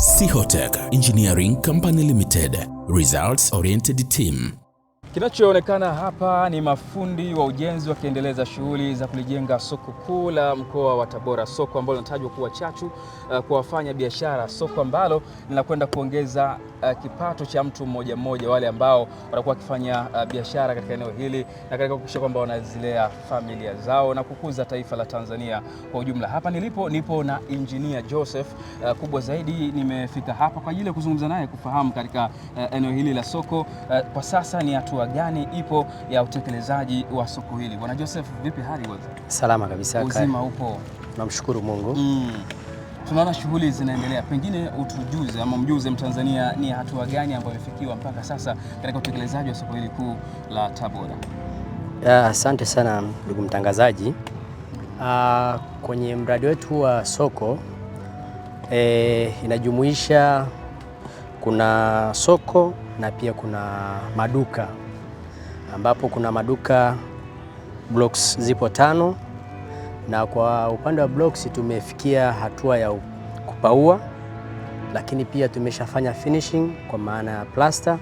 Sihotech Engineering Company Limited, results oriented team Kinachoonekana hapa ni mafundi wa ujenzi wakiendeleza shughuli za kulijenga soko kuu la mkoa wa Tabora, soko ambalo linatajwa kuwa chachu uh, kwa wafanya biashara, soko ambalo linakwenda kuongeza uh, kipato cha mtu mmoja mmoja, wale ambao watakuwa wakifanya uh, biashara katika eneo hili na katika kuhakikisha kwamba wanazilea familia zao na kukuza taifa la Tanzania kwa ujumla. Hapa nilipo nipo na Injinia Joseph. Uh, kubwa zaidi nimefika hapa kwa ajili ya kuzungumza naye kufahamu katika uh, eneo hili la soko uh, kwa sasa ni hatua hatua gani ipo ya utekelezaji wa soko hili? Bwana Joseph, vipi hali wewe? Salama kabisa. Uzima upo? Namshukuru Mungu. Mm. Tunaona shughuli zinaendelea, pengine utujuze ama mjuze Mtanzania ni hatua gani ambayo imefikiwa mpaka sasa katika utekelezaji wa soko hili kuu la Tabora. Asante uh, sana ndugu mtangazaji. Uh, kwenye mradi wetu wa soko eh, inajumuisha kuna soko na pia kuna maduka ambapo kuna maduka blocks zipo tano, na kwa upande wa blocks tumefikia hatua ya kupaua, lakini pia tumeshafanya finishing kwa maana ya plaster.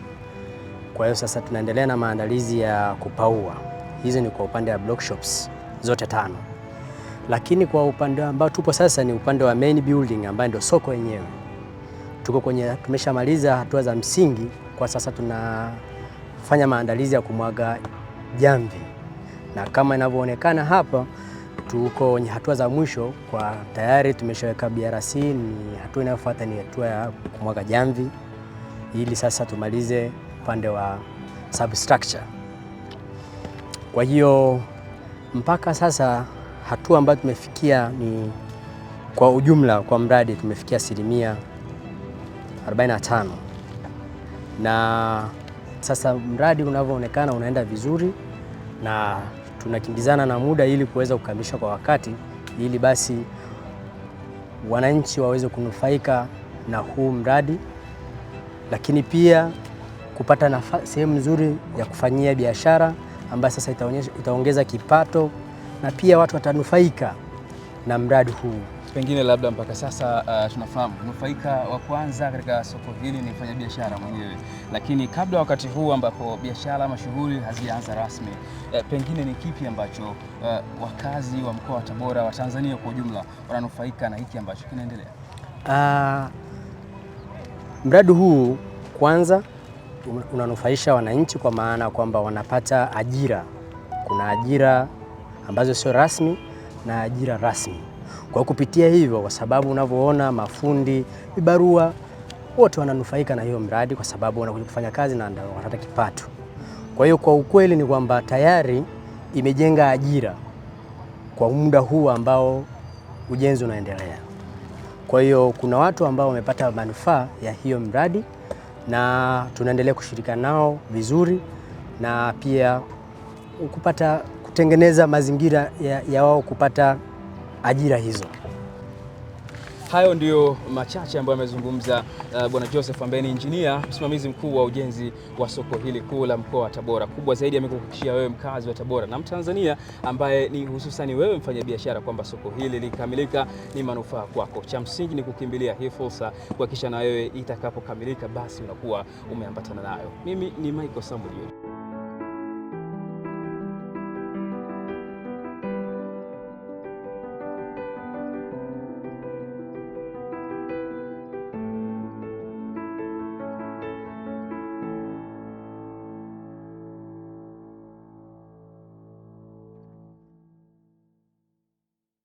Kwa hiyo sasa tunaendelea na maandalizi ya kupaua. Hizi ni kwa upande wa block shops zote tano, lakini kwa upande ambao tupo sasa ni upande wa main building ambayo ndio soko yenyewe. Tuko kwenye tumeshamaliza hatua za msingi, kwa sasa tuna kufanya maandalizi ya kumwaga jamvi, na kama inavyoonekana hapa tuko kwenye hatua za mwisho, kwa tayari tumeshaweka BRC. Ni hatua inayofuata ni hatua ya kumwaga jamvi, ili sasa tumalize upande wa substructure. Kwa hiyo mpaka sasa hatua ambayo tumefikia ni kwa ujumla, kwa mradi tumefikia asilimia 45 na sasa mradi unavyoonekana unaenda vizuri na tunakimbizana na muda ili kuweza kukamilisha kwa wakati, ili basi wananchi waweze kunufaika na huu mradi, lakini pia kupata sehemu nzuri ya kufanyia biashara ambayo sasa itaongeza kipato na pia watu watanufaika na mradi huu pengine labda mpaka sasa uh, tunafahamu nufaika wa kwanza katika soko hili ni mfanya biashara mwenyewe, lakini kabla wakati huu ambapo biashara ama shughuli hazijaanza rasmi uh, pengine ni kipi ambacho uh, wakazi wa mkoa wa Tabora wa Tanzania kwa ujumla wananufaika na hiki ambacho kinaendelea? Uh, mradi huu kwanza unanufaisha wananchi kwa maana kwamba wanapata ajira. Kuna ajira ambazo sio rasmi na ajira rasmi kwa kupitia hivyo, kwa sababu unavyoona mafundi, vibarua wote wananufaika na hiyo mradi, kwa sababu wanakuja kufanya kazi na wanapata kipato. Kwa hiyo kwa ukweli ni kwamba tayari imejenga ajira kwa muda huu ambao ujenzi unaendelea. Kwa hiyo kuna watu ambao wamepata manufaa ya hiyo mradi na tunaendelea kushirika nao vizuri na pia kupata kutengeneza mazingira ya, ya wao kupata ajira hizo. Hayo ndiyo machache ambayo amezungumza uh, Bwana Joseph Ambeni, injinia msimamizi mkuu wa ujenzi wa soko hili kuu la mkoa wa Tabora. Kubwa zaidi amekuhakikishia wewe mkazi wa Tabora na Mtanzania ambaye ni hususani wewe mfanyabiashara kwamba soko hili likikamilika ni manufaa kwako. Cha msingi ni kukimbilia hii fursa, kuhakikisha na wewe itakapokamilika basi unakuwa umeambatana nayo. Mimi ni Michael Samuel.